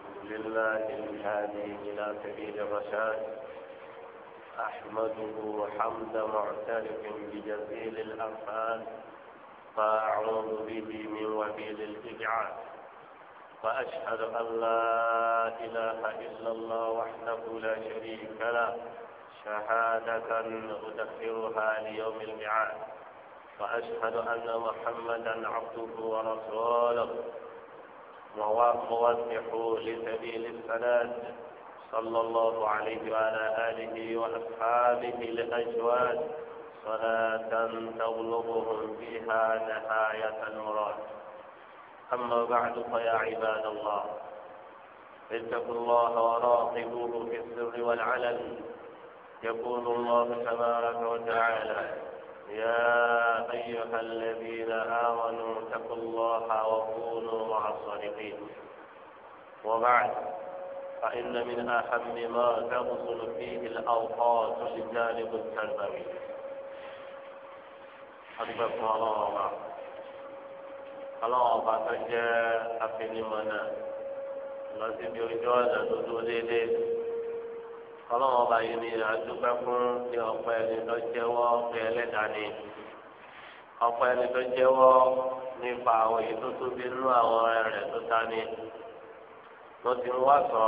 الحمد لله الهادي إلى سبيل الرشاد أحمده حمد معترف بجزيل الافعال فأعوذ به من وبيل الإبعاد وأشهد أن لا إله إلا الله وحده لا شريك له شهادة أدخرها ليوم الميعاد وأشهد أن محمدا عبده ورسوله ووافقوا لسبيل الصلاة صلى الله عليه وعلى آله وأصحابه الأجواد صلاة تبلغهم فيها نهاية المراد أما بعد فيا عباد الله اتقوا الله وراقبوه في السر والعلن يقول الله تبارك وتعالى يا أيها الذين آمنوا الصادقين وبعد فإن من أهم ما تبطل فيه الأوقات الجانب التربوي حسبكم الله الله فتجاء في لمنا lọsibí ojú ọ̀nà tó dúró déédéé ọlọ́run ọba yìí ni àdúgbò fún ní ọ̀pẹ ẹni lọ́jẹ́wọ́ pé ẹlẹ́dàá ni ọ̀pọ̀ ẹni tó jẹ́wọ́ nípa àwọn èyí tó tóbi nínú àwọn ọ̀rẹ́ rẹ̀ tó dání ló ti wá sọ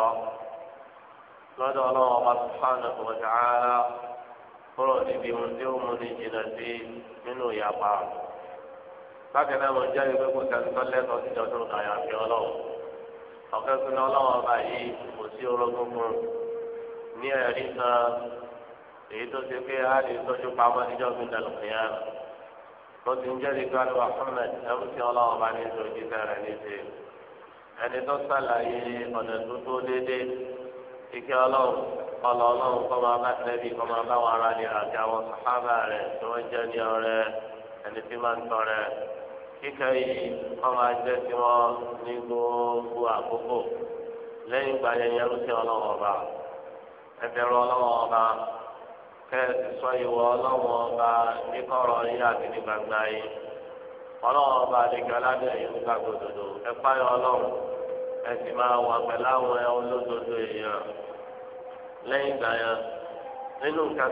lọ́dọ̀ ọlọ́wọ́ ọba subhanahu wa ta'ala kúrò níbi ohun tí ó mú ní jìnnà sí nínú ìyapa. bákan náà mo jẹ́ ìgbé kò sẹ́ni tó lẹ́tọ̀ọ́ sí ìjọsìn àyàfi ọlọ́wọ́ ọ̀kẹ́ sínú ọlọ́wọ́ ọba yìí kò sí orogún fún ní ẹ̀rí kan èyí tó ti pé a lè tọ́jú pamọ́ níjọ́ gbé tó ti ń jẹ́rìí pé alùpàá fúnmẹ̀ ẹ̀rú sí ọlọ́run bá ní ìṣòro jíjẹ rẹ̀ níṣe ẹni tó sàlàyé ọ̀nà tó tó déédéé ike ọlọ́run ọlọ́ ọlọ́run kọ́ máa bá tẹ́lẹ̀bí kọ́ máa bá wọn ara ní àti àwọn sàhábà rẹ̀ tí wọ́n jẹ́ ní ọ̀rẹ́ ẹni tí máa ń tọrẹ kíkẹ́ yìí kọ́ máa jẹ́ sí ní gbogbo àkókò lẹ́yìn ìgbà yẹn ẹ̀rú sí ọlọ́run ọba ẹ̀bẹ̀rù ọlọ́run ọba. kẹ́ẹ̀sì sọ ìwọ ọlọ́wọ́n ọba níkọ̀rọ̀ yín àti ní gbangba ọlọ́wọ́n ọba àdéjọ aládùn yìí ń gbà gbòdòdò máa wà pẹ̀lú àwọn olódodo èèyàn lẹ́yìn rẹ̀ sí òun náà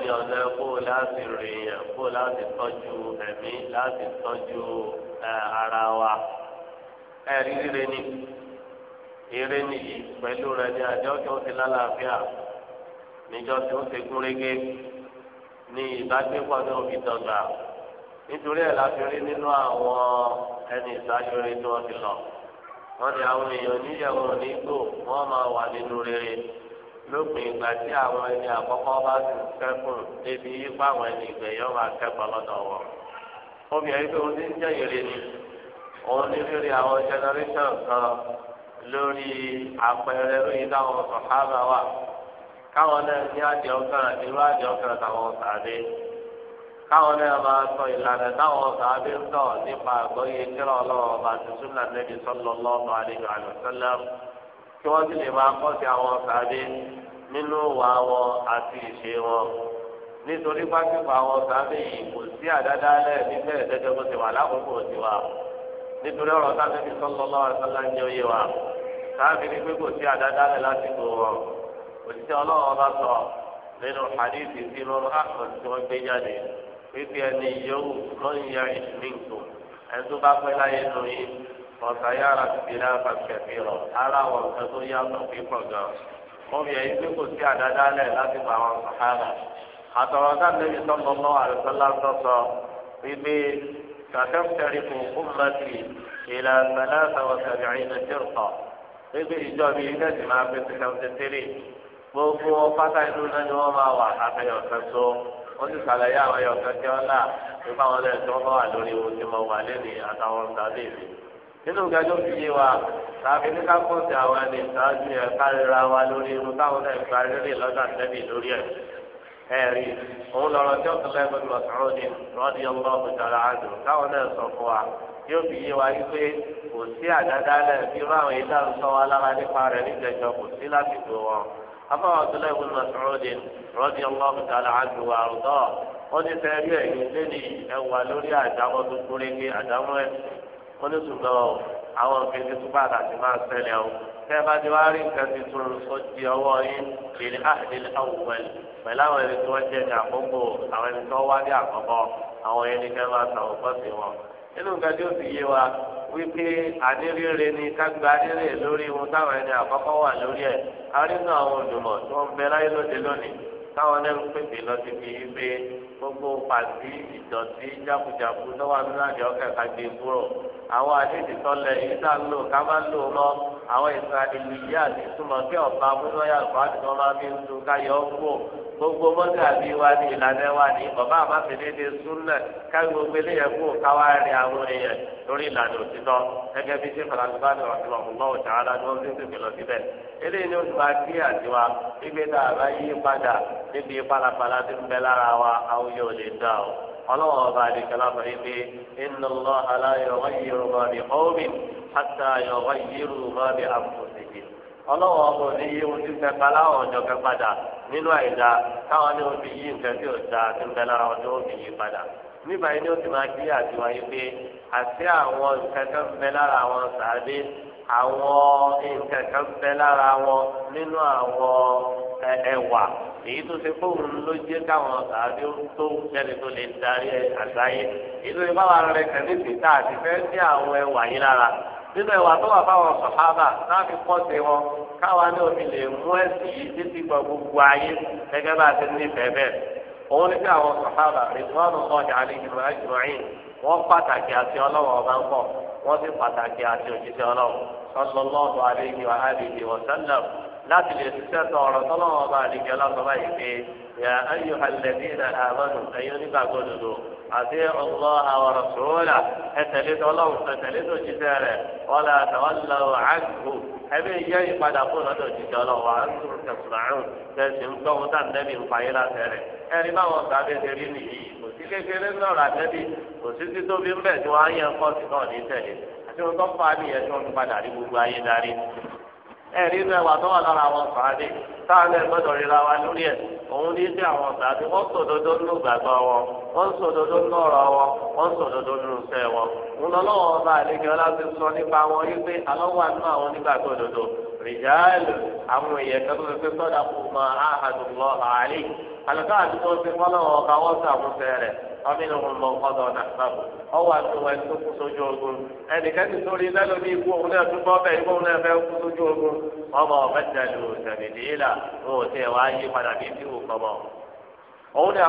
ní ọ̀nà kó láti rìn yẹn kó láti tọ́jú ẹ̀mí láti tọ́jú ara wa ni. eré nìyí pẹ̀lú rẹ̀ ní àjọ tí ó ti lálàáfíà níjọ tí ó ti gún régé ní ìbágbépọ̀ ní òbí dọ́gba nítorí ẹ̀ láti rí nínú àwọn ẹni ìsájú rí tí wọ́n ti lọ wọ́n ní àwọn èèyàn níyẹ̀wò nígbò wọ́n máa wà nínú rere lópin ìgbà tí àwọn ẹni àkọ́kọ́ bá ti kẹ́kùn débi yípa àwọn ẹni ìgbẹ̀yọ́ máa kẹ́kọ̀ọ́ lọ́dọ̀ wọn. obìnrin tó ń jẹ́ ìrìn ni òun ní rírì àwọn generation kan lórí àpẹẹrẹ lórí táwọn sọ̀hábà wà káwọn náà ní àdìẹ ọkàn irú àdìẹ ọkàn táwọn sàdé káwọn náà máa sọ ìlànà táwọn sàdé ń tọ̀ nípa àgbọ́yé kíra ọlọ́wọ́ ọba tuntun náà nẹ́bi sọ́lọ́ lọ́ọ̀nù àlejò àlùsọ́lá kí wọ́n sì lè máa kọ́ sí àwọn sàdé nínú ìwà wọn àti ìṣe wọn nítorí pásítọ̀ àwọn sàdé yìí kò sí àdáda lẹ̀ nífẹ̀ẹ́ gẹ́gẹ́ bó ti wà lákòókò tiwa nítorí ọ̀rọ̀ sáfẹ́bí sọ́lọ́ lọ́wọ́ sáàbì ní pé kò sí àdádálẹ̀ lásìkò wọn òṣìṣẹ́ ọlọ́run bá sọ nínú hadithi tí lọ́rùn ahmed tí wọ́n gbé jáde pípẹ́ ẹni yòówù lọ́yìn ya ìṣìlíǹkù ẹni tó bá pẹ́ láyé nù yín ọ̀sà yára ti rà fàṣẹ̀fì rọ̀ ara wọn kan tó yàtọ̀ pípọ̀ gan. wọ́n fi ẹ̀yìn pé kò sí àdádálẹ̀ lásìkò àwọn sàhárà àtọ̀rọ̀ sáàbì sọ́mọ́ mọ́ àlùfẹ́lá sọ́sọ pípẹ́ kàkẹ́ pépé ìjọ mi ilé ti máa pèsè seventy three gbogbo pátá inú náà ni wọ́n máa wà àfẹyọ̀ kan tó wọ́n ti sàlàyé àwọn ẹyọ̀ kan tí wọ́n là nípa àwọn ẹlẹ́yìn tí wọ́n bá wà lórí ohun tí mo wà lẹ́nu àtàwọn ọ̀sán èmi. nínú gẹ́gẹ́ bí yé wa tàbí ní kákọ́ọ̀tì àwọn ẹni ìsáájú ẹ̀ kárìíra wa lórí irun táwọn náà gba rírì lọ́dọ̀ àtẹ́bì lórí ẹ̀. ẹ̀rí òun lọ̀rọ̀ tí ọ̀sán lẹ́gbẹ̀ẹ́ yóò fi yé wa wípé kò sí àdádálẹ̀ irú àwọn èyí tá à ń sọ wa lára nípa rẹ̀ níjẹjọ kò sí lásìkò wọn. afọwọ́ abdullahi ibn Mas'ud rọ́dí ọlọ́run tààlà àjò wa rúdọ́ wọ́n ti fẹ́ rí ẹ̀yìn lẹ́ni ẹwà lórí àdámọ́ tó kúrẹ́ ní àdámọ́ ẹ̀ wọ́n ní ṣùgbọ́n àwọn òfin ti tún bàtà ti máa ṣẹlẹ̀ o kẹ́ ẹ bá ti wá rí nǹkan ti tún sọ ọwọ́ yín lèlè àdìlẹ̀ àwùwẹ̀lì pẹ̀lú àwọn ẹni tí wọ́n jẹ́ ní àkókò àwọn ẹni tí wá ní àkọ́kọ́ àwọn ẹni kẹ́ máa ṣàwòkọ́ sí wọn. inu nǹkan tí ó fi yé wa wípé àníríire ni kágbá rírè lórí ohun táwọn ẹni àkọ́kọ́ wà lórí ẹ̀ arínú àwọn olùmọ̀ tí wọ́n bẹ láyé lóde lónìí táwọn ẹni ń pèpè lọ sí fi wípé gbogbo pàtí ìdọ̀tí jákujàku tó wà nínú àjọ gbé kúrò àwọn ń lò ká máa ń lò mọ́ àwọn yíyá àti ìtumọ̀ kí gbogbo mọ́tò àbí wa ní ìlànà wa ní bàbá àbáfẹ́lẹ́ ní súnlẹ̀ káwé gbogbo eléyẹn kó káwá rí àwọn èèyàn lórí ìlànà òtítọ́ gẹ́gẹ́ bí ṣé faransa ní ọ̀sùnmọ̀ ọ̀gbọ́n ọ̀tá ara ni wọ́n fi ń pèpè lọ síbẹ̀ eléyìí ni ó ti máa kí àtiwá gbígbé náà bá yí padà níbi pálapàla tó ń bẹ lára wa àwùjọ ò dá o ọlọ́wọ́ ọba àdìgbàlá fún mi pé iná ọlọ́wọ́ ọmọ ní yí ohun tí ń fẹ́ kaláwọ̀ ọjọ́ fẹ́ padà nínú àìda káwọn ní omi yí nǹkan tí ò da tí ń fẹ́ lára wọn ní omi yí padà nígbà yìí ni ó ti máa kí àtiwá yìí pé àti àwọn nǹkan kan fẹ́ lára àwọn sàbí àwọn nǹkan kan fẹ́ lára wọn nínú àwọn ẹwà èyí tó ṣe fóun ló jẹ́ káwọn sàbí tó jẹ́ni tó lè darí àgbáyé èyí tó ṣe báwa rẹ̀ kàn ní ìpìtà àti fẹ́ sí àwọn ẹwà yìí lára nínú ẹwà tó wà fáwọn sọ̀hábà náà fi pọ̀ sí wọn káwa ní omi lè mú ẹ̀sìn yìí títí gbọ́ gbogbo ayé gẹ́gẹ́ bá a ti nífẹ̀ẹ́ bẹ́ẹ̀ òun ní bí àwọn sọ̀hábà rìbọ́ọ̀nù ọ̀dà àlejò àjùmọ̀yìn wọ́n pàtàkì àti ọlọ́wọ́ ọba ń pọ̀ wọ́n sì pàtàkì àti òjíṣẹ́ ọlọ́wọ́ sọ́sọ́lọ́ọ̀dù àlejò àlejò àti Allah wa rasulahu ẹtẹ̀lé tọ́lọ́hùn ẹtẹ̀lé tó jíṣẹ́ rẹ̀ wọ́n àtàwọ́lá àgbo ẹbí yẹ ìpadà fún lọ́dọ̀ jíjẹ́ ọlọ́wọ́ àgbo kẹsùláàrùn tẹ̀sí ń gbọ́ wọn tàn nẹ́bí ń fàyè láti rẹ̀ ẹni báwọn ọ̀gá bẹ́ẹ̀ ṣe rí nìyí kò sí kékeré lọ́rọ̀ àtẹ́bí kò sí títóbi ń bẹ̀ tí wọ́n á yẹ ń pọ̀ sí náà ní tẹ̀lé àti wọn tó fà á nìyẹn tí wọ́n fi padà rí gbogbo ayé darí ẹ̀rí inú ẹwà tó wà lára àwọn sàádé táwọn ẹ̀ gbọ́dọ̀ ríra wa lórí ẹ̀ òun ní sí àwọn sàádé wọ́n sòdodo nínú gbàgbọ́ wọn wọ́n sòdodo nínú ọ̀rọ̀ wọn wọ́n sòdodo nínú iṣẹ́ wọn. ń lọ lọ́wọ́ ọba àlejò ọlábí sọ nípa wọn wípé alọ́wọ́ àánú àwọn onígbàgbọ́ òdodo rìjáàlù àwọn èèyàn kan tó fi sọ́dà kó máa áhàdùn lọ àlùkò àti tó fi fọ́lọ́wọ́ sábàbù ọwọ́ àtúwọ̀ ẹni tó kú sójú ogun ẹnìkan ti sórí iná lórí ikú òun náà tún bọ́ bẹ́ẹ̀ ikú òun náà fẹ́ kú sójú ogun ọmọ ọ̀fẹ́ jẹ̀lú tẹ̀mídì ìlà òun ò tiẹ̀ yí padà bí tí ò kọ́mọ. òun ni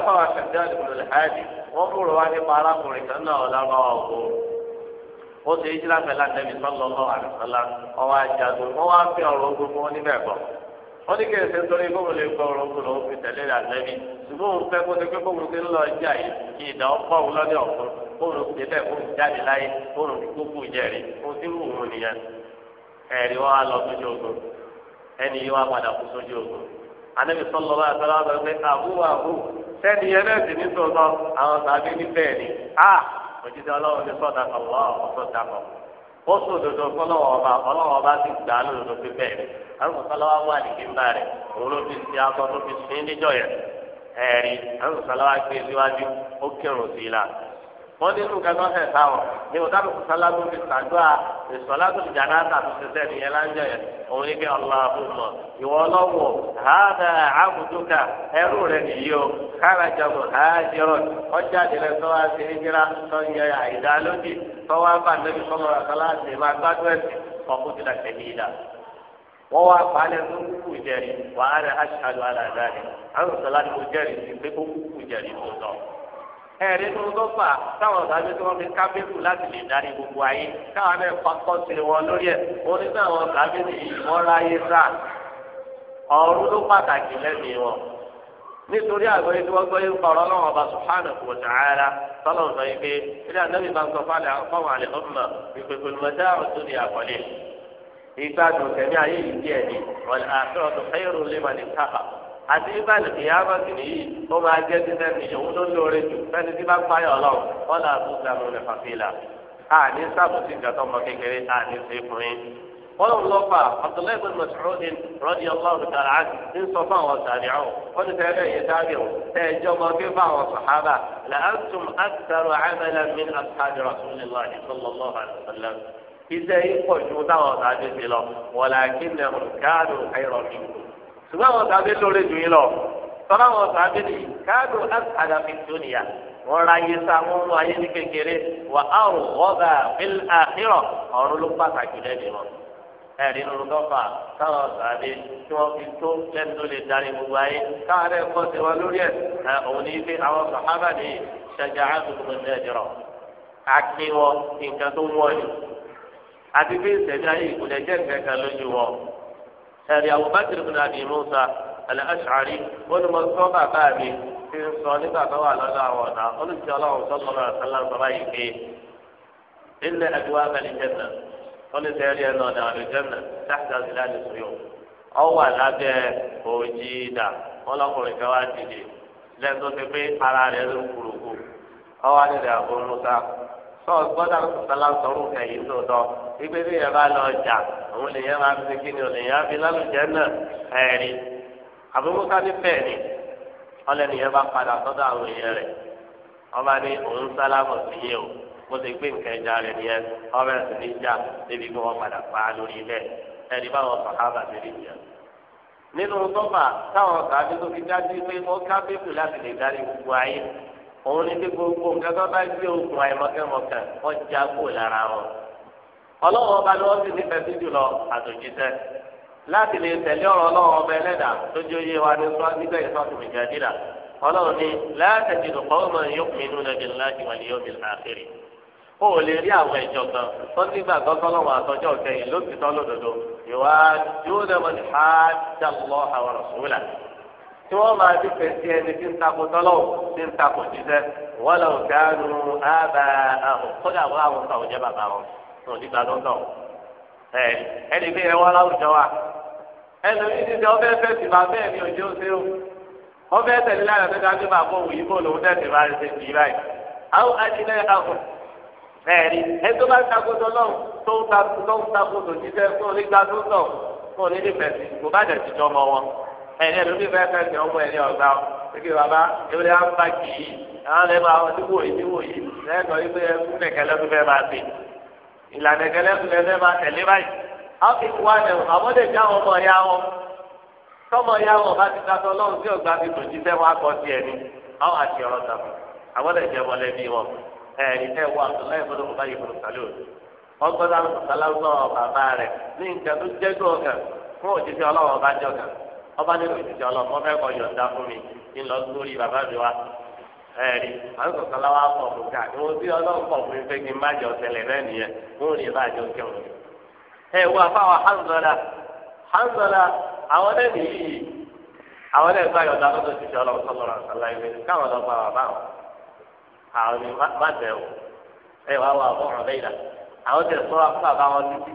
àdìgbò wá nípa arákùnrin kan náà ó ìjìlá wá fi wọ́n ní kí ẹsẹ̀ sọ́rí bóun lè gbọ́ ọ̀rọ̀ òun lòún fi tẹ̀lé àlẹ́bí ṣùgbọ́n òun fẹ́ kó ti pé bóun ti ń lọ ọjà yìí kí ìdá ọkọ̀ òun lọ́dẹ ọ̀fun bóun ti bẹ́ẹ̀ kó jáde láyé bóun ti gbógun jẹ̀rí ó ti wù wọn nìyẹn ẹ̀rí wọn á lọ sójú ogun ẹni yìí wọn á padà kú sójú ogun anabi sọlọ bá sọlọ bá sọ pé àbúrò àbúrò sẹ́ni a ah, òjijì ọlọ́run ti sọ̀tà kọ̀ ó sọ òdodo fọlọ́wọ́ ọba ọlọ́wọ́ ọba ti gbà á lódodo fi bẹ́ẹ̀ àwọn sọlọ́wọ́ wà ní kíńbà rẹ̀ òun ló fi ṣe akọ tó fi ṣe níjọ yẹn ẹ̀rí àwọn sọlọ́wọ́ gbé síwájú ó kírun sí i la wọ́n ní nǹkan tó hẹ̀ sáwọ̀ ní o dábò sálábù fi sàdúrà ìsọ̀lábù ìjàdá tàbí ṣiṣẹ́ nìyẹn láńjọ yẹn òun ní kí Allahumma ìwọ ọlọ́wọ̀ hàdà àbùdúkà ẹrú rẹ nìyí o kárajà bò hàdìrọ̀ ọjà àdìrẹ tó wá sí ìjìrá àìdá lódì tó wá bá sọmọ àkàlàsì máa gbádùn ọkùn ti ní ìdá wọ́n wá tó kúkú jẹ̀rì aṣáájú alàdáni àwọn ẹ̀rí tó tó fà táwọn ọ̀dàbí tí wọ́n fi kábíyèsí láti lè darí gbogbo ayé káwọn abẹ́ kọ́kọ́ sí wọn lórí ẹ̀ oní táwọn ọ̀dàbí ti wọ́n ráyé sá ọ̀run ló pàtàkì lẹ́mìí wọn nítorí àgbọ̀ yìí tí wọ́n gbọ́ yìí ń kọ̀ọ̀rọ̀ lọ́wọ́ ọba subhanahu wa ta'ala tọ́lọ̀ ń sọ yìí pé ilé ànábì bá ń sọ fáwọn àlẹ́ ọ̀mà ìpèpè lùmọ̀dá ọ̀tún ní àkọlé ìgbàdùn tẹ̀mí ayé yìí díẹ̀ àti ìbàlẹ̀ kìí á máa kìí yìí ó máa jẹ́ títẹ̀ ní òun ló lóore jù fẹ́ni tí bá payọ̀ ọlọ́run wọ́n là tún sàmù rẹ̀ fàfilà àní sàmù sí ìgbà tó ọmọ kékeré àní sí fún yín. wọ́n lọ lọ fà Abdullahi bin Mas'ud rọ́dí ọlọ́run kàrà á ń sọ fún àwọn sàrí ọ̀hún wọ́n ti fẹ́ẹ́ bẹ́ẹ̀ sáré ọ̀hún tẹ́ ẹ jọ mọ́ kí sàhábà làǹtùm àtàrò àmàlà min àtàrò Rasulillah sallallahu alaihi wasallam iṣẹ́ ṣùgbọ́n àwọn sàbẹ̀ lóore jù yín lọ tọ́lá àwọn sàbẹ̀ ni káàdùn àdàmì jùnìyà wọ́n ra ayé sá wọ́n mú ayé ní kékeré wà á rò wọ́dà bíl àhírọ̀ ọ̀run ló pàtàkì lẹ́bi wọn. ẹ̀rí nínú dọ́fà táwọn sàbẹ̀ tí wọ́n fi tó lẹ́nu tó lè darí gbogbo ayé káwọn ẹ̀ sí wọn lórí ẹ̀ òun ní ife àwọn sàhábà ní ṣẹjà àdúgbò ẹ̀dẹ̀rọ̀ àkíwọ́ nǹkan tó wọ́ọ̀lù ẹ̀rí abubakar bin abi musa al-ash'ari wọ́n ní mo sọ bàbá mi ti ń sọ nígbà tó wà lọ́dọ̀ àwọn ọ̀nà olùsí ọlọ́run sọ́kọ̀ọ́ àtàlà bàbá yìí pé ilẹ̀ ẹ̀dùn abẹ́lẹ̀ jẹ́nà wọ́n ní sẹ́rí ẹ̀ náà jẹ́nà dáhùn dáhùn láti sùn yòó ọ wà lábẹ́ òjì dà wọ́n kan wá dìde lẹ́yìn tó ti pé ara rẹ̀ ló kúròkó ọ wá nílẹ̀ àbò musa sọ́ọ̀ gbọ́dọ̀ àwọn èèyàn máa fi kí ni èèyàn fi lálùjẹ náà ẹ̀rí àbúmọ́ká ní bẹ́ẹ̀ ni ọlẹ́nìyẹn bá padà sọ́dọ̀ àwọn èèyàn rẹ̀ ọba ní òun sálámọ̀ sí yẹ o mo ti gbé nǹkan ẹja rẹ̀ nìyẹn ọba ẹ̀sìn ní ìjà débi pé wọ́n padà pa á lórí ilẹ̀ ẹ̀rí báwọn sọ̀hábà ti rí jẹ. nínú sọ́fà táwọn sàbí tó fi dájú pé wọ́n ká pépù láti lè darí gbogbo ayé òun ní bí gbogbo nǹkan tó bá gbé ogun àìmọ́kẹ́mọ́kẹ́ wọ́n já kó lára wọn ọlọ́run ọba ni wọ́n sì nífẹ̀ẹ́ sí jùlọ àtòjíṣẹ́ láti lè tẹ̀lé ọ̀rọ̀ ọlọ́run ọba ẹlẹ́dà tó jẹ́ oyé wa ní sọ́ọ́ nígbà yìí sọ́ọ́ tìmìjà dídà ọlọ́run ni láàtẹ̀jì tó kọ́ ọmọ yóò pin inú nàbí ńlá ìwà ni yóò bìlà àkèrè ó lè rí àwọn ìjọ kan tó nígbà gbọ́sọ́lọ́wọ́ àtọ́jọ́ kẹyìn lókìtọ́ lódodo ìwà yóò dẹ́mọ̀ tó nígbà lọ́dọ̀ ẹ ẹni bí ẹ láwùjọ wa ẹlòmíì ti sẹ ọbẹ̀ fẹ́ tìmọ̀ abẹ́ mi ò jẹ́ òṣè ọbẹ̀ tẹ̀lé lára tó dájú bá bọ̀ wòye bó lòun tẹ̀sí bá ṣe jì báyìí àwọn ajílẹ̀ àwọn ẹ̀rí ẹ tó bá takoto náà tó ń takoto ń takoto jíjẹ tó nígbà tó tọ̀ tó kò bá dẹ̀ tìjọ́ mọ́ wọn ẹ̀rí ẹlòmíì fẹ́ fẹ́ tẹ̀ ọmọ ẹ ìlànà ìkẹlẹ́kùnlé ma máa tẹ̀lé báyìí á fi wá ẹ̀rù àmọ́dé já wọn mọ̀ ya wọn tọmọ ya wọn bá ti dáṣọ lọ́run tí ọ̀gá fi tòjú fẹ́ wọn akọ tiẹ̀ ni àwọn àti ọ̀rọ̀ tàbí àmọ́dé jẹ́ mọ̀lẹ́bí wọn ẹ̀rí tẹ́ wọ àtúnláyè fọdọ́ fọdọ́ yìí fọdọ́ sàlẹ̀ ọgbọ́dá sàlámọ́ bàbá rẹ̀ ní nǹkan tó jẹ́ gbọ̀ngàn ẹ̀rí àwọn kọ̀ọ̀kan láwa pọ̀ fún ká pọ̀ fún ife kí n má jọ tẹ̀lẹ̀ náà nìyẹn wọ́n lè bá àjọ kẹwọn. ẹ wo àfáwọn hanzọlá hanzọlá àwọn náà nìyí àwọn náà gbá yọ̀dá lọ́dọ̀ ti sọ ọlọ́run ìwé káwọn wà bá wọn. àwọn má bẹ̀ ẹ wà ọ̀rọ̀ àwọn tẹ̀ wọn títí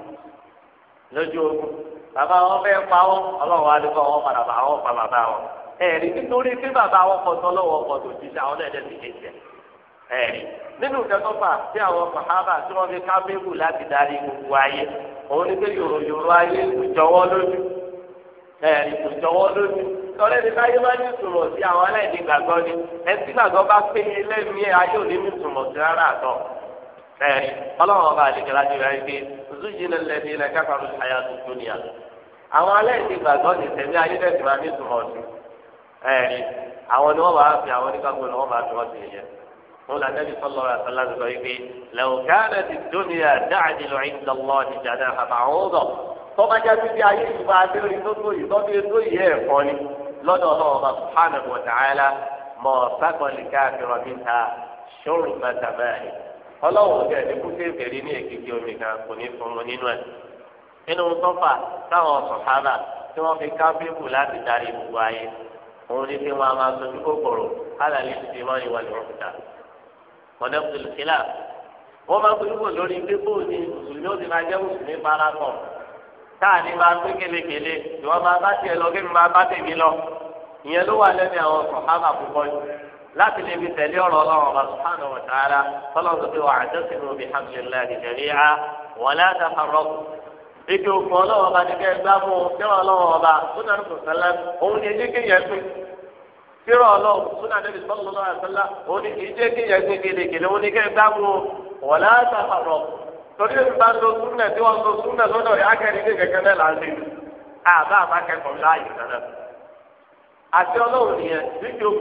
lójú ogun bàbá wọn ẹ̀rí nítorí pé bàbá àwọn ọkọ̀ tó lọ́wọ́ ọkọ̀ tó ti ṣe àwọn ẹ̀dẹ́ ti kéṣe ẹ̀rí nínú ìdẹ́kọ̀fà tí àwọn sàhábà tí wọ́n fi kábíyèwò láti darí gbogbo ayé òun ni pé yòrò yòrò ayé kò jọwọ́ lójú ẹ̀rí kò jọwọ́ lójú tọ́lẹ́ ní káyé máa ní ìtumọ̀ sí àwọn aláìní gbàgbọ́ ni ẹtí gbàgbọ́ bá pé lẹ́mìí ayé ò ní ní ìtumọ̀ sí rárá àtọ̀ ẹ̀rí ọlọ́run ọba àdìgbà láti rẹ̀ pé zújìnà lẹ́ni ilẹ̀ kápá àyà tuntun nìyà àwọn aláìní gbàgbọ́ ní tẹ̀lé ayé tẹ̀sí máa ní ìtumọ̀ sí ẹ̀rí àwọn ni wọ́n bá fi àwọn oníkàgbọ́n ni wọ́n bá fi wọ́n ti yẹ. wọ́n lọ nẹ́bí sọ́lọ́ rẹ̀ sọ́lá ti sọ yìí pé lẹ́wọ̀kánà ti dóníyà dáàdì lọ ìdá lọ ìjà náà àbá àwọn ọ̀dọ̀ tọ́bajá bíbí ayé ìgbà abẹ́rẹ́ tó tó yìí tọ́bí tó yìí ẹ̀ fọ́ ni lọ́dọ̀ ọlọ́ọ̀bà subhanahu wa ta'ala mọ̀ sákọ̀lì káàkiri mi ta ṣòro bàtà báyìí ọlọ́wọ́ táwọn sọ̀hábà tí wọ́n fi ká bíbù láti darí gbogbo ayé òun ní pé wọn a máa sojú kòkòrò alàlẹ́ ti fi máa ń wà ní wọn fìdá ọ̀dẹ́ kùtùlù kílà wọ́n máa ń gbóyúwò lórí pé bóòdì mùsùlùmí ó ti máa jẹ́ mùsùlùmí parakọ̀ káàní máa pé kélekèle ìwọ́n máa bá tiẹ̀ lọ kébi máa bá tèmi lọ ìyẹn ló wà lẹ́nu àwọn sọ̀hámà púpọ̀ jù láti lè fi tẹ̀lé ọ̀rọ̀ ọlọ́run ọba sùhánù ọ̀tàrà tọ́lọ́sọ̀tò àjọṣe ètò òkú ọlọ́wọ́ ọba ní kẹ́ẹ́ gbá mú tẹ́wọ́ ọlọ́wọ́ ọba súnà ní kòsẹ́lẹ́ òun ní ẹjẹ́ kéèyàn pé tẹ́wọ́ ọlọ́wọ́ súnà ní ìsọ́lọ́ lọ́wọ́ àtẹ́lá òun ní ẹjẹ́ kéèyàn pé kèlèkèlè òun ní kẹ́ẹ́ gbá mú wọ̀lá àtàkọ̀rọ̀ torí ẹni bá ń lo tí wọ́n ń lo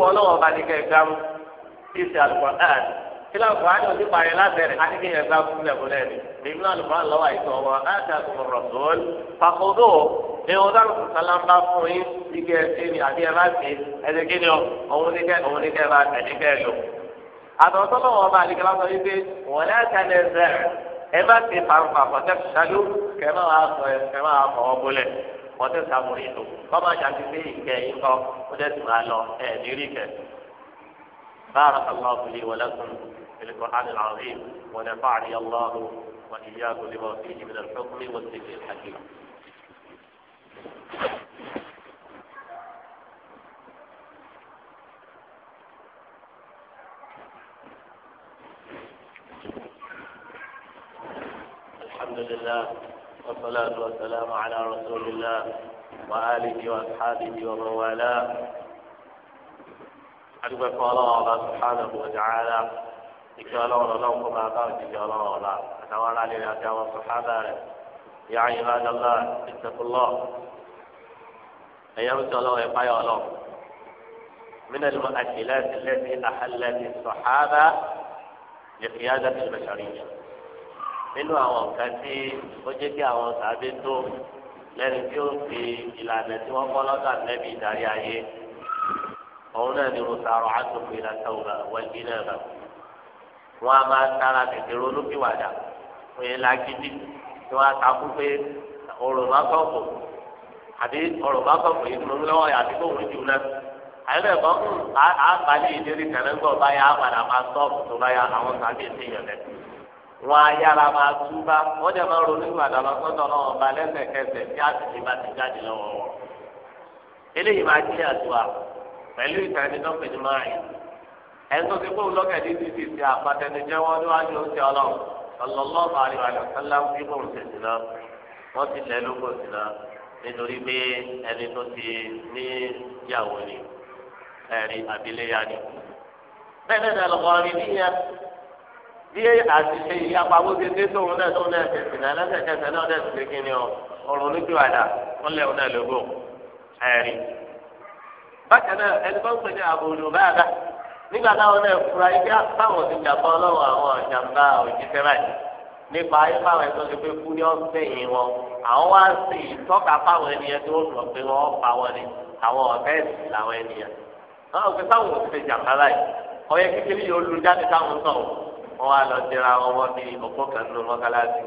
lọ́dọ̀ ní kẹ̀kẹ́ kila kuhani o ti pari lásẹrẹ a ti kí yẹn sáà fúnlẹ fúnlẹ ni bíbí náà lùmọ àlọwà ìtọ wọn àti àtúmọ rọsùn fàkóso ni wọn dáná kó sálámbá fún yín ike ẹsẹ ni àti ẹ bá ti ẹsẹ kí ni ọ òun ní kẹ òun ní kẹ bá tẹlẹ kẹ lò. àtọ̀tọ̀ náà wọn bá àdìgẹ́ lásán yìí pé wọn náà ká lẹ sẹ́rẹ̀ ẹ bá ti fàǹfà fọ̀tẹ́ ṣáájú kẹ máa wà sọ ẹ kẹ máa fọ̀ ọ́ bólẹ̀ fọ̀tẹ́ sàmúrì في القرآن العظيم ونفعني الله وإياه لما فيه من الحكم والذكر الحكيم الحمد لله والصلاة والسلام على رسول الله وآله وأصحابه ومن والاه أكبر الله سبحانه وتعالى ìfẹ́ ọlọ́run ọlọ́run kó máa bá òjijì ọlọ́run ọ̀la àtàwọn aráàlú rẹ̀ àti àwọn sọ̀hábà rẹ̀ yà áyìn ládàlá ìtẹ̀kùlọ̀ ẹ̀yẹ́ rúti ọlọ́run ẹ̀pá yà ọlọ́run mílẹ̀ ló àtìlẹ́ àtìlẹ́ ti àhàlẹ́ ti sọ̀hábà lè fi yá dàbí mẹ́sàrí yẹn nínú àwọn nǹkan tí ó jẹ́ kí àwọn sàbí tó lẹ́ni tí ó fi ìlànà tí wọ́n kọ́ lọ́dà lẹ́bi ìdarí ayé òun náà ni rúta rọ̀ wọn a máa tara tètè ronúkìwàdà òye làgídí tí wọn a takú pé ọ̀rọ̀ bá kọ̀ọ̀kọ̀ àbí ọ̀rọ̀ bá kọ̀ọ̀kọ̀ yìí ló ń yà àbí kóhùn jù náà àyẹ̀wò ẹ̀kọ́ ń àbálẹ̀ ìdérí na báyà àpàdà máa sọ́ọ̀bù báyà àwọn ti yàn wọn máa wọn máa ronú ìwàdà lọ náà ọba tí bá ti jáde eléyìí máa ẹ̀sùn ti kó lọ́kẹ̀ ní títì sí àpàtẹnujẹ́wọ́ níwájú oúnjẹ ọlọ́run sallallahu alaihi wa sallam ń bí kò ṣe sí náà wọ́n ti lẹ́ lóko sí náà nítorí pé ẹni tó ti níyàwó ni ẹ̀rí abiléyà ni. bẹ́ẹ̀ náà lọ́kọ́ rí níyà bí àṣìṣe ìyapa bó ti dé tóun náà tóun náà tẹ̀sí náà lẹ́sẹ̀kẹsẹ̀ náà dẹ̀ ti kí ni ọ ọ̀rùn níbi wàdà wọ́n lẹ́wọ̀n náà lóko nígbà táwọn náà fura ibi táwọn ti jàpá ọlọ́run àwọn ìjàmbá òjíṣẹ́ báyìí nípa ìfáwọn ẹ̀tọ́ ti pé kú ní ọ̀sẹ̀ yìí wọn àwọn wá sí ìtọ́ka fáwọn ènìyàn tó rọ̀ pé wọ́n pa wọn ni àwọn ọ̀fẹ́ sì làwọn ènìyàn. àwọn òfin táwọn òfin ti jàmbá báyìí ọyẹ kékeré yóò lu jáde táwọn sọ wọn wá lọ jẹra wọn wọn ní ọ̀pọ̀ kan nínú mọ́kálásí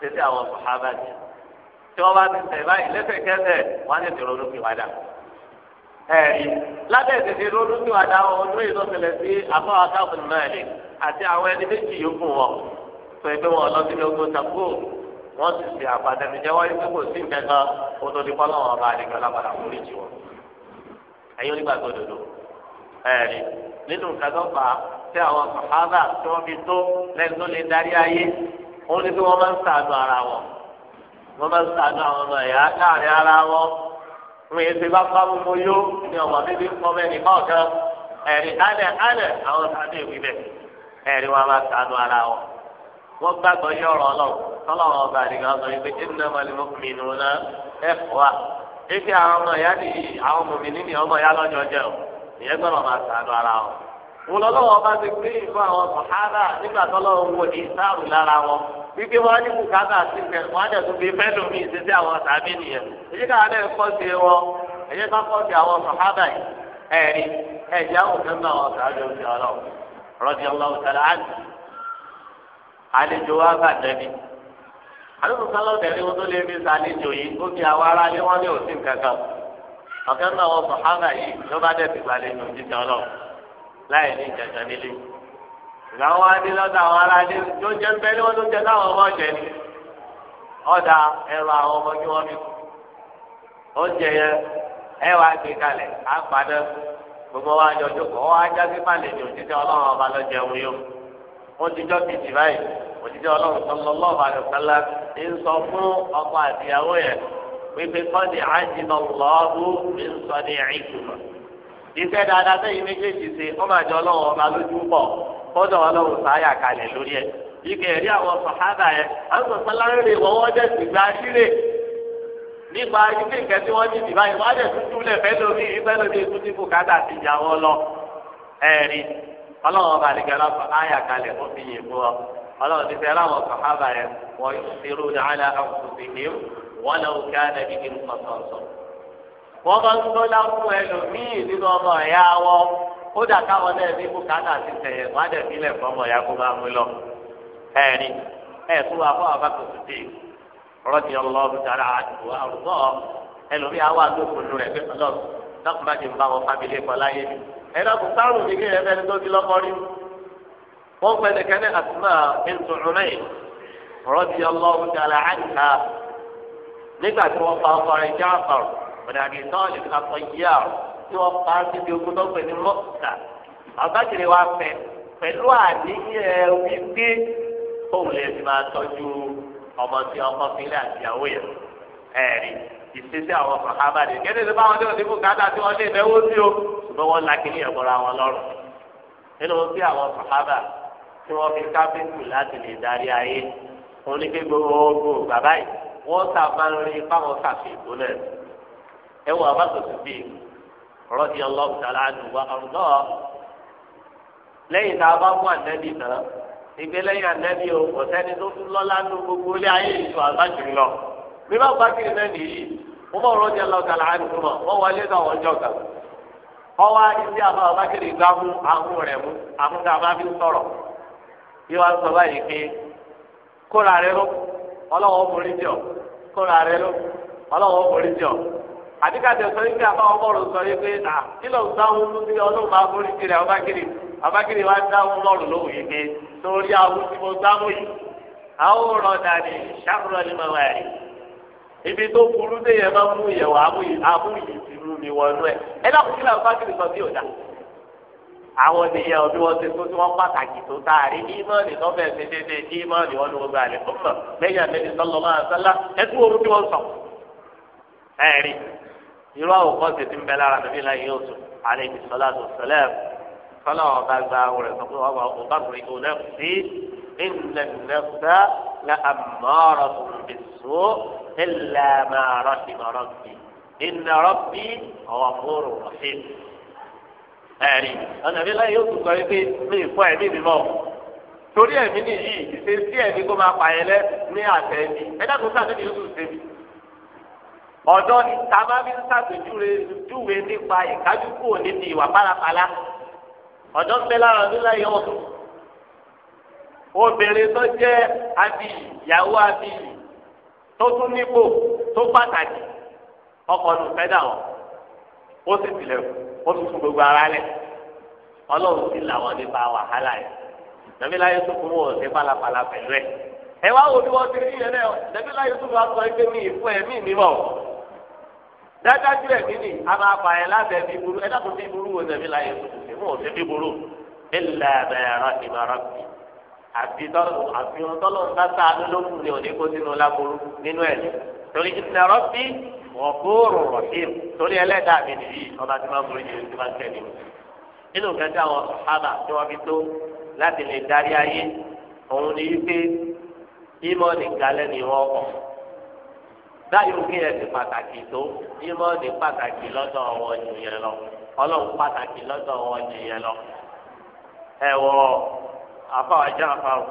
títí àwọn sọ̀hábà jẹ tí wọ́n bá ti tẹ̀ báyìí ẹ̀rí lábẹ́ ìdíje ronú ní wàdà ọdún yìí lọ́sẹ̀lẹ̀ sí àbáwá káfíń mẹ́ẹ̀lì àti àwọn ẹni méjì yòókù wọn sọ pé wọn lọ sí lóko tako wọn sì ṣe àpàdánìjẹ́ wáyé pé kò sí nǹkan kó tó di kọ́lọ́ wọn bá àdìgbà lápadà kó lè jì wọn. ẹ̀yin onígbà tó dodo ẹ̀rí nínú nǹkan tó fà á tí àwọn sàhábà tí wọ́n fi tó lẹ́nu tó lè darí ayé wọ́n ní pé wọ́n máa ń ṣàánú ara wọn wọ́n máa ń ṣàánú àwọn ọmọ ẹ̀yà láàrin ara wọn. wọn yẹn ti bá fá gbogbo yó ní ọmọ bíbí kọ́ bẹ́ẹ̀ ní kọ́ọ̀kan ẹ̀rí alẹ̀ alẹ̀ àwọn sábẹ́ ìwé wọn bá sànú ara wọn. gbàgbọ́ ọ̀rọ̀ ọlọ́run tọ́lọ́run ọba sọ mi nù wa àwọn ọmọ ìyá nìyí àwọn ọmọ mi nínú ọmọ ìyá lọ́jọ́ jẹ́ ìyẹn gbọ́dọ̀ máa sànú ara wọn. wọn lọ́wọ́ bá ti gbé ìfọ àwọn sọ̀hárà nígbà tó lọ́wọ́ wọ ní lára wọn wípé wọn á ní bùkátà sí fẹ wọn á dẹ̀ tún fẹ́ lómi ìṣesí àwọn nìyẹn èyí sí wọn èyí ká kọ́ sí àwọn sọ̀hárà yìí ẹ̀rí ẹ̀jẹ̀ àwọn òfin náà rọ́bì tẹ̀lé àlejò wa dẹ́bi tẹ̀lé wọn tó lé láì ní ìjàjà nílé ìgbàwọ́ adé lọ́dọ̀ àwọn aládé tó jẹ́ ń bẹ́ ní wọ́n tó jẹ́ táwọn ọmọ jẹ ni ọ̀dà ẹ̀rọ àwọn ọmọ kí wọ́n fi kú oúnjẹ yẹn ẹ gbé kalẹ̀ gbogbo wa jọ jókòó jáde ní ọlọ́run ọba yó wọ́n ti jọ́ ọlọ́run lọ́ọ̀bà ń sọ fún ọkọ àtìyàwó iṣẹ́ dáadáa sẹ́yìn méjèèjì ṣe wọ́n máa jọ ọlọ́run ọba lójú pọ̀ kọ́dọ̀ ọlọ́run sáyà kalẹ̀ lórí ẹ̀. ike ẹ̀rí àwọn sọ̀hádà yẹn àwọn sọ̀sálárẹ̀ wọ́wọ́ jẹ́ ìgbà sílẹ̀ nípa ilé ìkẹ́ tí wọ́n ní ìdìbà yìí wọ́n á jẹ́ tuntun lẹ̀ fẹ́ lómi ìfẹ́ lómi ikú tí bùkátà ti jà wọ́n lọ. ẹ̀rí ọlọ́run ọba nìkan lọ sọ kalẹ̀ ó fi yìn fún ọ ọlọ́run ti fẹ́ láwọn sọ̀hádà wọ́n ní wọ́n bá ń gbọ́dá fún ẹlòmíì nínú ọmọ ẹ̀yà wọ́ ó dà káwọn náà ní bùkátà ti tẹ̀yẹ̀ wọ́n á dẹ̀ sílẹ̀ fún ọmọ ẹ̀yà kó máa mú lọ. fún àbá àrùbọ̀ ẹlòmíì ti ń bá wọn fábílẹ̀ kọ láyé ẹ̀rọ kò kí ẹ̀fẹ́ tó ti ọ̀dàbí tọ́ọ̀lì kakọ yíyá o tí wọ́n pa síbi ogun tó pè ní mọ́tà àbájáde wa fẹ́ pẹ̀lú àníyàn wípé òun lè fi máa tọ́jú ọmọ tí ọkọ fílẹ̀ àtìyàwó yẹn ẹ̀rí ìṣesí àwọn sàhábà rẹ̀ kí ẹni báwọn tí wọ́n ti fún kàtà tí wọ́n lè fẹ́wọ́ sí o ṣùgbọ́n wọ́n la kìíní ẹ̀kọ́ra wọn lọ́rùn nínú bí àwọn sàhábà tí wọ́n fi kábíkù láti lè darí ayé wọn ní pé gbogbo bàbá yìí wọ́n sábà fáwọn kàfé ìgbóná ewu wọ abáṣọ síbi rọ́ọ̀dì ọlọ́ọ̀tàlá àdùgbò a bá mú ànẹ́bí tán ìgbé lẹ́yìn ànẹ́bí o kò tó tún lọ́lá ní gbogbo ayé ìtò àbájú lọ bí bá gba kiri náà nìyí wọ́n bá náà àbá gbá mú ahun mú ahun tá a máa fi sọ̀rọ̀ bí wọ́n sọ báyìí pé kóra rẹ ló ọlọ́wọ́ forí kóra rẹ ló àbí ká tẹ̀ sọ yín pé àbá ọmọ rẹ̀ sọ yín pé à kílọ̀ ń dáhùn ló ti ọlọ́run máa borí kiri àwọn bákìrì àbákìrì wa ń dáhùn lọ́rùn lóhùn yìí pé torí àwọn tí mo dáhùn yìí àwọn ọ̀rọ̀ dàní ṣàkúrọ̀ ní màmá yìí ibi tó burú dé yẹn máa mú ìyẹ̀wò àmúyìí ti mú mi wọnú ẹ̀ ẹ dákun kí làwọn bákìrì sọ bí òdà àwọn ènìyàn bí wọn ti tó tí wọn pàtàkì tó tá a rí ìmọ̀ọ́nì tó bẹ̀ ṣe déédéé kí ìmọ̀ọ́nì wọn ló gbogbo àlẹ́ fún mọ̀ lẹ́yìn àmẹ́ni sọlọ́mọ àṣálá ẹ tún orúkọ wọn sọ ẹ̀rí irú àwòkọ́ ti ti ń bẹ lára nàbí láyé Yusuf alayhi salatu wassalam kọ́lá ọba gba rẹ̀ sọ́kùn ọba ọba rẹ̀ kò náà sí inna an-nafsa la ammaratun bis-su' illa ma rahima rabbi inna rabbi ghafurur rahim. ẹ̀rí ọ̀nàbí láyé Yusuf sọ wípé mi ì ẹ̀mí mi mọ́ torí ẹ̀mí nìyí ìṣesí ẹ̀mí kó máa pààyàn lẹ́ ní àtẹ̀mí ẹ̀dá kò sáà ọ̀dọ́ ni tàbá bí ń sàpèjúwe júwe nípa ìkájúkú òní ti ìwà pálapàla ọ̀dọ́ ń bẹ lára nílá yọ ọ̀dọ́ obìnrin tó jẹ́ abiyì ìyàwó abiyì tó tún nípò tó pàtàkì ọkọ̀ ọ̀nù fẹ́dà wọn ó sì tilẹ̀ ó sì tún gbogbo ara rẹ̀ ọlọ́run sì làwọn nípa wàhálà yẹn nàbílá yẹn tó kún wọn ní pálapàla pẹ̀lú ẹ̀ ẹ wá wo bí wọ́n ti rí yẹn náà nàbílá yẹn tó kún sọ ẹgbẹ́ mi ìfún ẹ̀mí mi mọ̀ dájájú ẹ̀ mí ni a máa fà yẹn lábẹ́ mi burú ẹ dákun mi burú wò sẹ́mi láyé mo ò sẹ́mi burú ilẹ̀ ẹ̀rọ ìmọ̀ràn mi àfi àfihàn tọ́lọ̀ ń bá sáà ló lókun ni òní kó sínú lágbóró nínú ẹ̀ torí ìsìnàrọ́ bí wọ́n kóòrò rọ̀hìm torí ẹlẹ́dàá mi nìyí ọba tí máa ń yìí tí máa ń tẹ̀lé nínú kẹta àwọn sọ̀hábà tí wọ́n fi tó láti lè darí ayé òun ni wípé ìmọ̀ nìkan lẹ́nu ìwọ̀n ọkọ̀ báyìí òkè yẹn ti pàtàkì tó ìmọ̀ ní pàtàkì lọ́dọ̀ wọn jù yẹn lọ ọlọ́run pàtàkì lọ́dọ̀ wọn jù yẹn lọ. ẹ wọ afáwájá afáwọ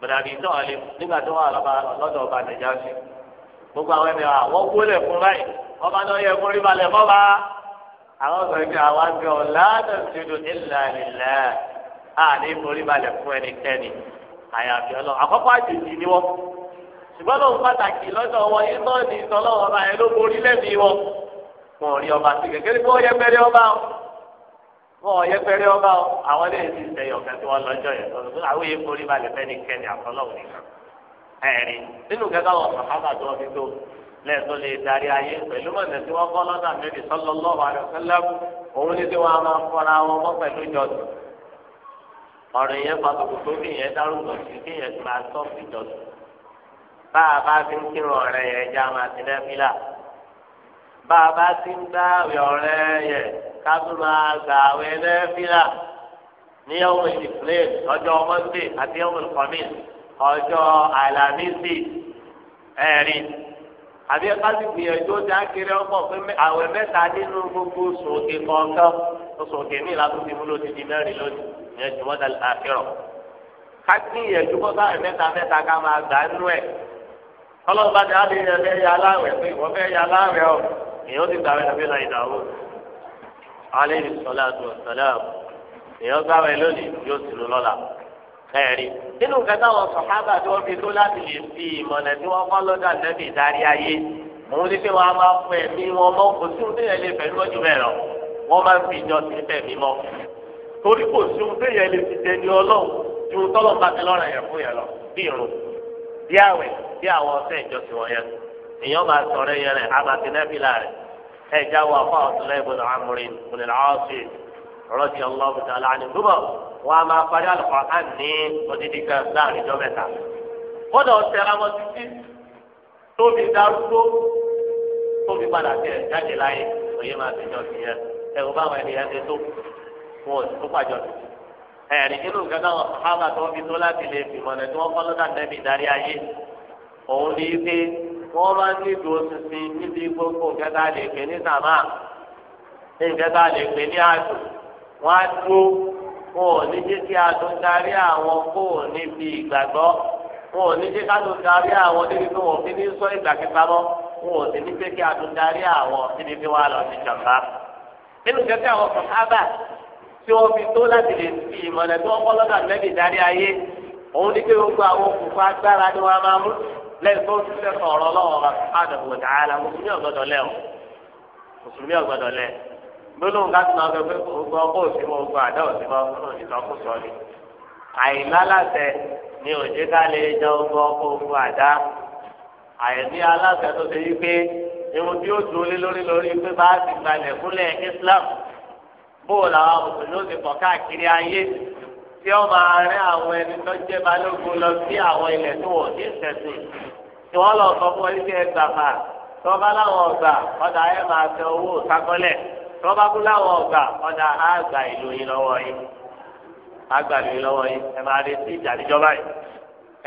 bùnàbí tó wà lé nígbà tó wà lọ́dọ̀ ọba nàìjíríà sí gbogbo àwọn ẹni wa wọ́n wọlé fún báyìí wọ́n bá náà yẹ kó rí balẹ̀ mọ́ bá àwọn sọ pé àwa gbé ọ ládàá ti dùn nílà nílà ni ṣùgbọ́n lóun pàtàkì lọ́dọ̀ wọn yìí náà ní ìtọ́lọ́wọ́ ọba yẹn ló borí lẹ́mí wọn wọn ò rí ọba sí kékeré ní wọn yẹ pẹ́rẹ́ ọba o wọn ò yẹ pẹ́rẹ́ ọba o àwọn lè ti sẹ ọ̀kẹ́ tí wọ́n lọ́jọ́ yẹn lọ́dọ̀ àwọn yìí borí balẹ̀ fẹ́ ní kẹ́ni àkọlọ́wọ́ nìkan ẹ̀rín nínú kẹ́kẹ́ àwọn sàkábà tó fi tó lẹ́ẹ̀tọ́ lè darí ayé pẹ̀lú mọ̀nà tí wọ́n kọ́ lọ́dọ̀ àmẹ́bí sallallahu alaihi wasallam òun ní tí wọ́n á máa fọ́ra wọn mọ́ pẹ̀lú ìjọsìn ọ̀rọ̀ yẹn pàtàkì tó bí yẹn dárúkọ sí kéèyàn ti máa tọ́ ìjọsìn bá a bá fi ń kírun ọ̀rẹ́ yẹn já máa ti nẹ́fílà bá a bá ti ń gbààwẹ̀ ọ̀rẹ́ yẹn ká tún máa gbààwẹ̀ nẹ́fílà ní ọmọ ìdìpínlẹ̀ ọjọ́ mọ́ndé àti ọmọ ìkọ́mìn ọjọ́ àlàmísì ẹ̀rin àbí ẹ̀ka ti gbìyànjú ó ti ákéré ọgbọ̀n pé àwẹ̀ mẹ́ta nínú gbogbo oṣù kọ̀ọ̀kan oṣù ní ìlànà tó múlò ti di mẹ́rin lónìí ìyẹn jùmọ́ àfihàn ká gbìyànjú kọ́sáwẹ̀ mẹ́ta mẹ́ta ká máa gbà nínú ẹ̀ ọlọ́run bá ti á lè yẹ fẹ́ yà aláwẹ̀ pé ìwọ fẹ́ yà aláwẹ̀ ọ èèyàn ti gbàwé nàbí la ìdáwó alẹ́ ìsọlá àti ọ̀sọ̀lá èèyàn gbàwé lónìí yóò sì lọ lọ́la ẹ̀rí nínú kẹta wọn sọ̀hábà tí wọ́n fi tó láti lè fi ìmọ̀lẹ̀ tí wọ́n kọ́ lọ́dọ̀ àtẹ́bí ìdarí ayé òun ní pé wọ́n á máa fún ẹ̀mí wọn mọ́ kò sí ohun téèyàn lè fẹ́ lọ́jọ́ bẹ́ẹ̀ lọ wọ́n máa ń fi ìjọ bí àwọn ọ̀sẹ̀ ìjọsìn wọ̀nyẹn èèyàn yẹn abàtì já àwọn amúrin aláàánú máa parí àlùkò odidi kan láàrin ìjọ títí tóbi tóbi padà jáde láyé òye máa ti jọ sí tó wọn ò sì tó sí inú gánà tó láti lè fìmọ̀ lẹ́tọ́ òun ní pé wọ́n máa ń osisi níbi gbogbo nǹkan tá a lè pè ní sàmà nǹkan a lè pè ní á dúró wọn ò ní kí darí àwọn o níbi ìgbàgbọ́ wọn ò ní darí àwọn níbi wọn fi ní sọ ìgbà kíkà mọ́ wọn ò sì ní jẹ́ kí àdùn darí àwọn níbi tí wọn lọ sí nínú àwọn tí fi tó láti lè fi tí kọ́ lọ́dà mẹ́bí darí ayé òun ní lẹ́yìn tó ń ṣiṣẹ́ kan ọ̀rọ̀ ọlọ́wọ́ bá sùpàdé wò dáhàlà mùsùlùmí ọ̀gbọ́dọ̀ lẹ̀ o mùsùlùmí ọ̀gbọ́dọ̀ lẹ̀ gbólóhùn ká tún ọgbẹ́ pé ogun ọkọ̀ òsì àdá òsì mọ́ fún ìtọ́kùsọ ni àìlálàtẹ ni òjé ká lè jẹ ogun ọkọ̀ àdá àìní aláṣẹ tó ṣe wípé irun tí ó dúró lé lórí lórí pé bá ti gbalẹ̀ fúnlẹ̀ Islam bóòlù àwọn mùsùlùmí ó ti pọ̀ káàkiri ayé tí wọ́n máa rẹ́ àwọn ẹni tó jẹ́ balógun lọ sí àwọn ilẹ̀ tó wọ̀ ní ìṣẹ̀sìn tí wọ́n lọ sọ fún ẹni ẹgbàfà tí wọ́n bá láwọn ọgbà ọ̀dà ẹ̀ máa tẹ owó sákọ́lẹ̀ tí wọ́n bá kú láwọn ọgbà ọ̀dà á gbà ìlú yín lọ́wọ́ yín á gbà ìlú yín lọ́wọ́ yín ẹ máa retí ìjà níjọba yìí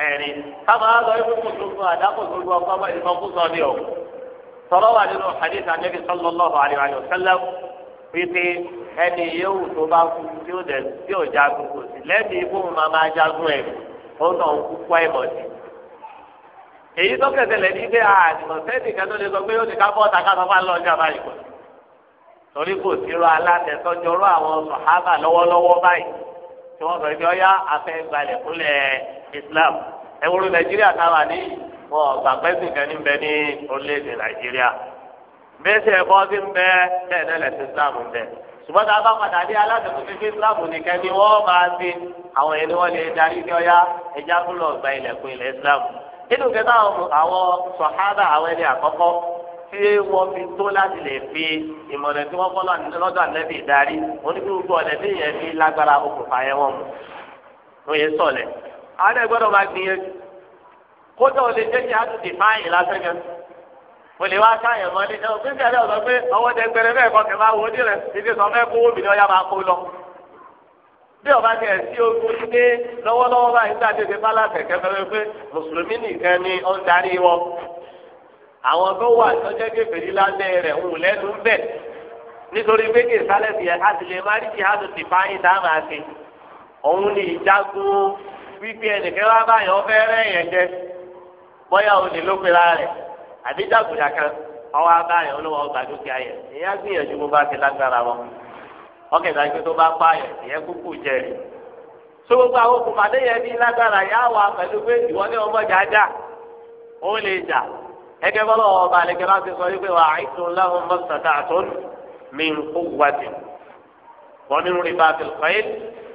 ẹ̀rin káwọn á lọ ikú kùtùkù àdàpọ̀ gbogbo ọkọ̀ ọmọ ìfọkúsọ ni ọ̀ sọ̀rọ̀ nínú ẹni yóò tó bá kú tí ó dẹ̀ tí ó jagun kò sí lẹ́bi ibùn máa máa jagun ẹ̀ ó nà ń kú kọ́ ẹ̀mọ̀ sí. èyí tó kẹsẹ̀ lẹ̀ ní pé àdìmọ̀ sẹ́ẹ̀dì kan tó lè sọ pé ó ti ká bọ́ ọ̀tà ká sọ fún àlọ́ ọjà báyìí kọ́ torí kò sí rọ alátẹ̀sọ́jọ́ rọ àwọn sàhábà lọ́wọ́lọ́wọ́ báyìí tí wọ́n sọ ibi ọ̀yá afẹ́gbalẹ̀ fúnlẹ̀ Islam ẹ̀wúrú Nàìjíríà táwa ní wọn gbàgbẹ́ sìnkàn ní bẹ ní orílẹ̀-èdè Nàìjíríà bẹ́sẹ̀ bọ́ sí ń bẹ bẹ́ẹ̀ náà lẹ́sìn Islam ń bẹ́ẹ̀. ṣùgbọ́n tá a bá padà dé aládùúgbò fífi islam nìkan ni wọ́n máa ṣe àwọn ẹni wọ́n lè darí ní ọyá ẹja kúlọ̀ ọgbà ilẹ̀kùn ilẹ̀ islam. nínú kẹta àwọn sọ̀hádà àwọn ẹni àkọ́kọ́ tí wọ́n fi tó láti lè fi ìmọ̀lẹ̀ tí wọ́n fọ́lọ́ lọ́dọ̀ àlẹ́bí darí onígbòrúgbò ọ̀lẹ́ yẹn fi lágbára okùnfà yẹn mu. ó yẹ sọ̀lẹ̀ o lè wá káyọ̀ mọ́ ní ṣe òfin ṣẹlẹ̀ ọ̀sọ́ pé ọwọ́ tẹ gbẹrẹ bẹ́ẹ̀ kọ́ kẹ́ máa wo ní rẹ̀ ibi sọ fẹ́ kówó mi ní ọ̀yá máa kó lọ. bí ọba tẹ̀ sí ogun ní lọ́wọ́lọ́wọ́ báyìí nígbà tó ti bá látẹ̀kẹ́ fẹ́rẹ́ pé mùsùlùmí nìkan ni ó ń darí wọn. àwọn tó wà sọ́jẹ́ kékeré lábẹ́ rẹ̀ ń lẹ́nu bẹ̀ nítorí pé kí ìsálẹ̀ fi á ti lè má rí kí á tó ti bá yín àbí dàgbòdà kan ọwọ́ abáyọ̀ olówó ọgbà dúkìá yẹn ìyá gbìyànjú mo bá ti lágbára wọn ọkẹ́ ìdájọ́ tó bá pààyàn ìyẹn kúkú jẹ̀rì tó gbogbo àwọn òkùnfàdé yẹn ní lágbára yá wà pẹ̀lú pé ìwọ ní ọmọ jà dà ó lè jà ẹgẹ bọ́lá ọba àlejò náà ti sọ wípé wà áìsùn láwọn mọ́sàtà àtọ́nù mi ń kó wájú wọn nínú rìbá àtìlùkọ́yé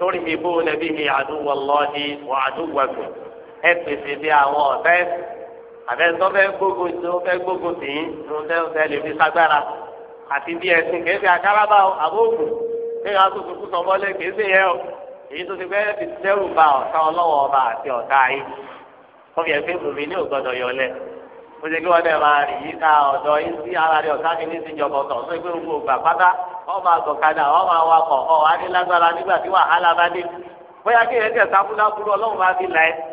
lórí ìbò nàbí mi àdúgbò lọ́ọ̀dì wà àdúgbò ẹgbẹ̀sẹ̀ bí àwọn ọ̀tẹ́ àfẹnusọ fẹ gbogbo tó fẹ gbogbo tìyín tó fẹ fẹ lè fi sagbára àti bí ẹsìn kìí ṣe àkàràbà àbóògùn kéèyàn àtúntò kú sọmọlé kìí ṣe yẹ o èyí tó ti fẹ́ fi dẹ́rù ba ọ̀tá ọlọ́wọ́ ọba àti ọ̀tá ayé wọ́n fi ẹ̀fẹ́ mùmí ní ògbọ́dọ̀ yọlẹ̀ ó ṣe kí wọ́n dẹ̀ máa rìn yíká ọ̀dọ́ yín sí ara rẹ̀ ọ̀tá mi ní ìsìnjọba ọ̀tọ̀ tó gbé gbogbo ògbà pátá wọ́n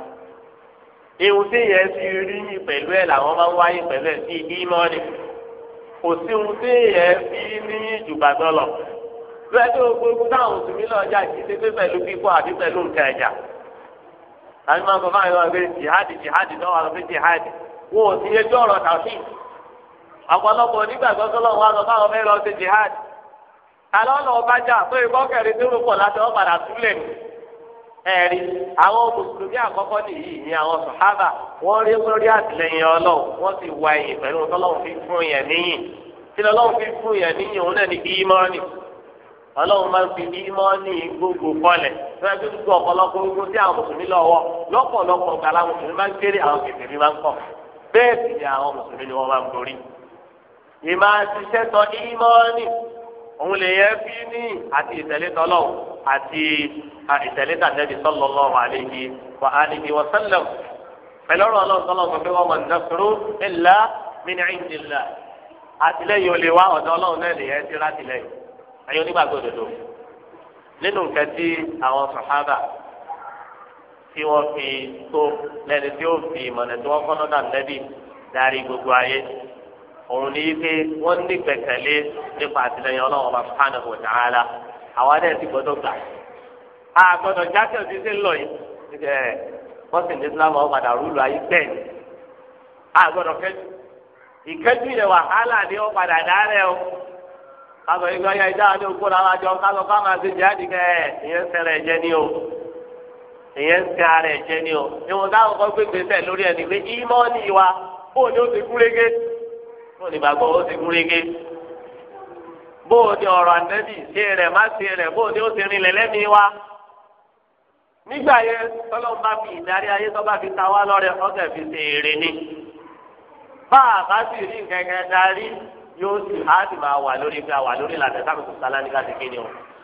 ewu tí yẹn ti rí pẹ̀lú ẹ̀ làwọn máa ń wáyé pẹ̀lú ẹ̀ sí ìmọ̀ọ́nì kò sí ewu tí yẹn fi ní ìjùbàdàn lọ lọ́wọ́ táwọn ṣe pé pẹ̀lú pẹ̀lú nǹkan ẹ̀jà máa ń sọ fún àwọn jihadi jihadi wọn ò ọ̀rọ̀ ọ̀pọ̀lọpọ̀ nígbàgbọ́ wọn lọ fáwọn mẹ́rin ọ̀sẹ̀ jihadi alọ́ ẹ̀rí àwọn mùsùlùmí àkọ́kọ́ nìyí ni àwọn sàhábà wọ́n rí lórí àtìlẹyìn ọlọ́run wọ́n sì wá ẹ̀yìn pẹ̀lú tọ́lọ́run fi fún yẹn níyìn tí lọ́lọ́run fi fún yẹn níyìn òun náà ní ìmánì ọlọ́run máa ń fi ìmánì gbogbo kọlẹ̀ fẹ́ẹ́ fi gbogbo ọ̀pọ̀lọpọ̀ gbogbo tí àwọn mùsùlùmí lọ́wọ́ lọ́pọ̀lọpọ̀ gbala mùsùlùmí máa ń kéré àwọn kèfèrí máa ń kọ̀ bẹ́ẹ̀ sì ni àwọn mùsùlùmí ni wọ́n máa ń borí ìmọ̀ àti iṣẹ́ tọ́ ìmánì òun lè yẹ fi ní àti ìtẹ̀lé tọ́lọ́run àti ìtẹ̀lẹ́tà nẹ́bí sallallahu alayhi wa alihi wa sallam pẹ̀lú ọ̀rọ̀ ọlọ́run sọ́lọ́ sọ pé wọ́n mọ̀ nàkúrú illa min indillah àtìlẹ́yìn olè wa ọ̀dọ̀ ọlọ́run náà lè yẹn ti rátìlẹ́yìn ẹ̀yin onígbàgbọ́ òdodo nínú nǹkan tí àwọn sàhábà tí wọ́n fi tó lẹ́ni tí ó fi ìmọ̀nà tí wọ́n fọ́nọ́ náà lẹ́bi darí gbogbo ayé òun ní pé wọ́n ní gbẹ̀kẹ̀lé nípa àtìlẹ́yìn ọlọ́run subhanahu wa ta'ala àwa náà ti gbọ́dọ̀ gbà á gbọ́dọ̀ jáde òtí sí lọ yìí ẹ bọ́sì ní islam ọ̀ padà rúlu ayé bẹ́ẹ̀ ni á gbọ́dọ̀ kẹ́jú ìkẹ́jú yẹn wàhálà ni ó padà dárẹ́ o kásọ̀ yìí gbọ́ yẹ ìjà ní òkú làwọn àjọ kásọ̀ ká máa ṣe kẹ́ ẹ̀ ìyẹn sẹ́rẹ̀ jẹ́ ni o ìyẹn sẹ́ ara ẹ̀ jẹ́ ni o ìwọ̀n táwọn kan gbé gbèsè lórí ẹ̀ nígbè ìmọ̀ ni wa bóun ni ó ti kúrégé bóun ni bàgbọ́ ó ti kúrégé. bóò ọ̀rọ̀ ànẹ́bì ṣe rẹ̀ má ṣe rẹ̀ ó wa. nígbà yẹn tọ́lọ́n bá fi ìdarí ayé tó bá fi ta wá lọ́rẹ̀ ọ̀sẹ̀ fi ṣe èrè ni. bá a bá sì rí kẹ̀kẹ́ darí yóò sì á sì máa wà lórí fi àwà lórí sálá nígbà tí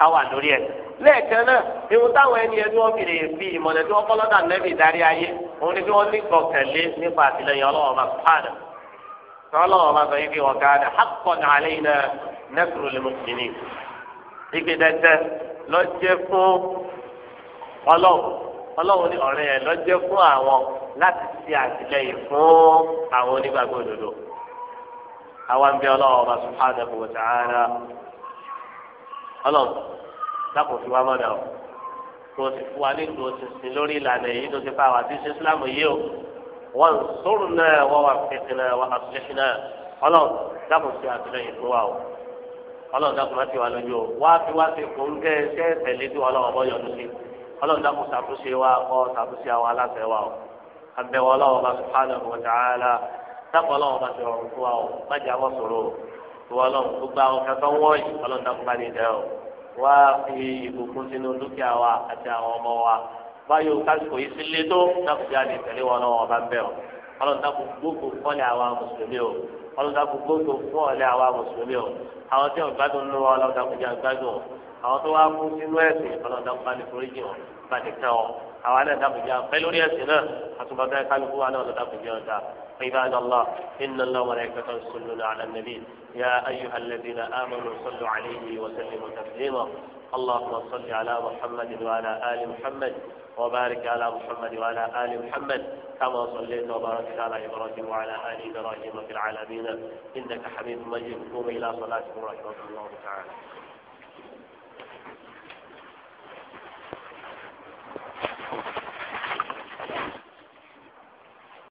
o wà lórí ẹ̀. lẹ́ẹ̀kan náà ihun táwọn ẹni ẹni wọ́n fi ìmọ̀lẹ̀ tí wọ́n kọ́ lọ́dà nẹ́bì ìdarí ayé nẹ́kùrù lè mú kìíní igi dẹ́dẹ́ lọ́jẹ́ fún ọlọ́run ọlọ́run ní ọ̀rẹ́ yẹn lọ́jẹ́ fún àwọn láti ṣe àtìlẹ́yìn fún àwọn onígbàgbọ́ òdodo àwa ń bẹ ọlọ́run ọba subhanahu wa ta'ala ọlọ́run dákò fi wá mọ́dà o kò sì fún wa nílùú òṣìṣẹ́ lórí ìlànà èyí tó ti fa àwọn àti islam yìí o wọn sọ̀rọ̀ náà wọ́n wà fẹ́ẹ́ náà wọ́n àtúnṣe náà ọlọ́run dákò fi àtìlẹ́yìn fún wa o ọlọ́run dàkú láti wà lójú o wá fi wá sí kóńgẹ́ ṣẹ́ tẹ̀lé tí ọlọ́run ọbọ̀ yọ̀dún sí ọlọ́run dàkú ṣàtúnṣe wa kọ́ ṣàtúnṣe àwọn aláṣẹ wa o àbẹ̀wò ọlọ́run bá subhanahu wa ta'ala dàkú ọlọ́run bá ti rọrùn fún wa o májà wọ́n sòrò o ìwọ ọlọ́run gbogbo àwọn kẹtọ́ wọ́ọ̀yì ọlọ́run dàkú bá ní dẹ́ o wá fi ìbùkún sínú dúkìá wa àti àwọn ọmọ wa báyọ̀ kásìkò yìí sílé tó dàkú jáde tẹ̀lé wọn náà bá ń bẹ̀ o ọlọ́run dàkú gbogbo kọ́lẹ̀ àwa mùsùlùmí o ọlọ́dàkùn gbogbo fún ọ̀lẹ́ àwa mùsùlùmí o àwọn tí wọ́n gbádùn nínú wa ọlọ́dàkùn jẹ́ àgbádùn o àwọn tó wá kú sínú ẹ̀sìn ọlọ́dàkùn bá ní foríjì o bá ní kẹ́ ọ àwa náà dàkùn jẹ́ àpẹ́ lórí ẹ̀sìn náà àtúbọ̀tán kálukú wa náà ọlọ́dàkùn jẹ́ ọ̀dà عباد الله إن الله وملائكته يصلون على النبي يا أيها الذين آمنوا صلوا عليه وسلموا تسليما اللهم صل على محمد وعلى آل محمد وبارك على محمد وعلى آل محمد كما صليت وباركت على إبراهيم وعلى آل إبراهيم في العالمين إنك حميد مجيد قوم إلى صلاتكم رحمة الله تعالى Thank you.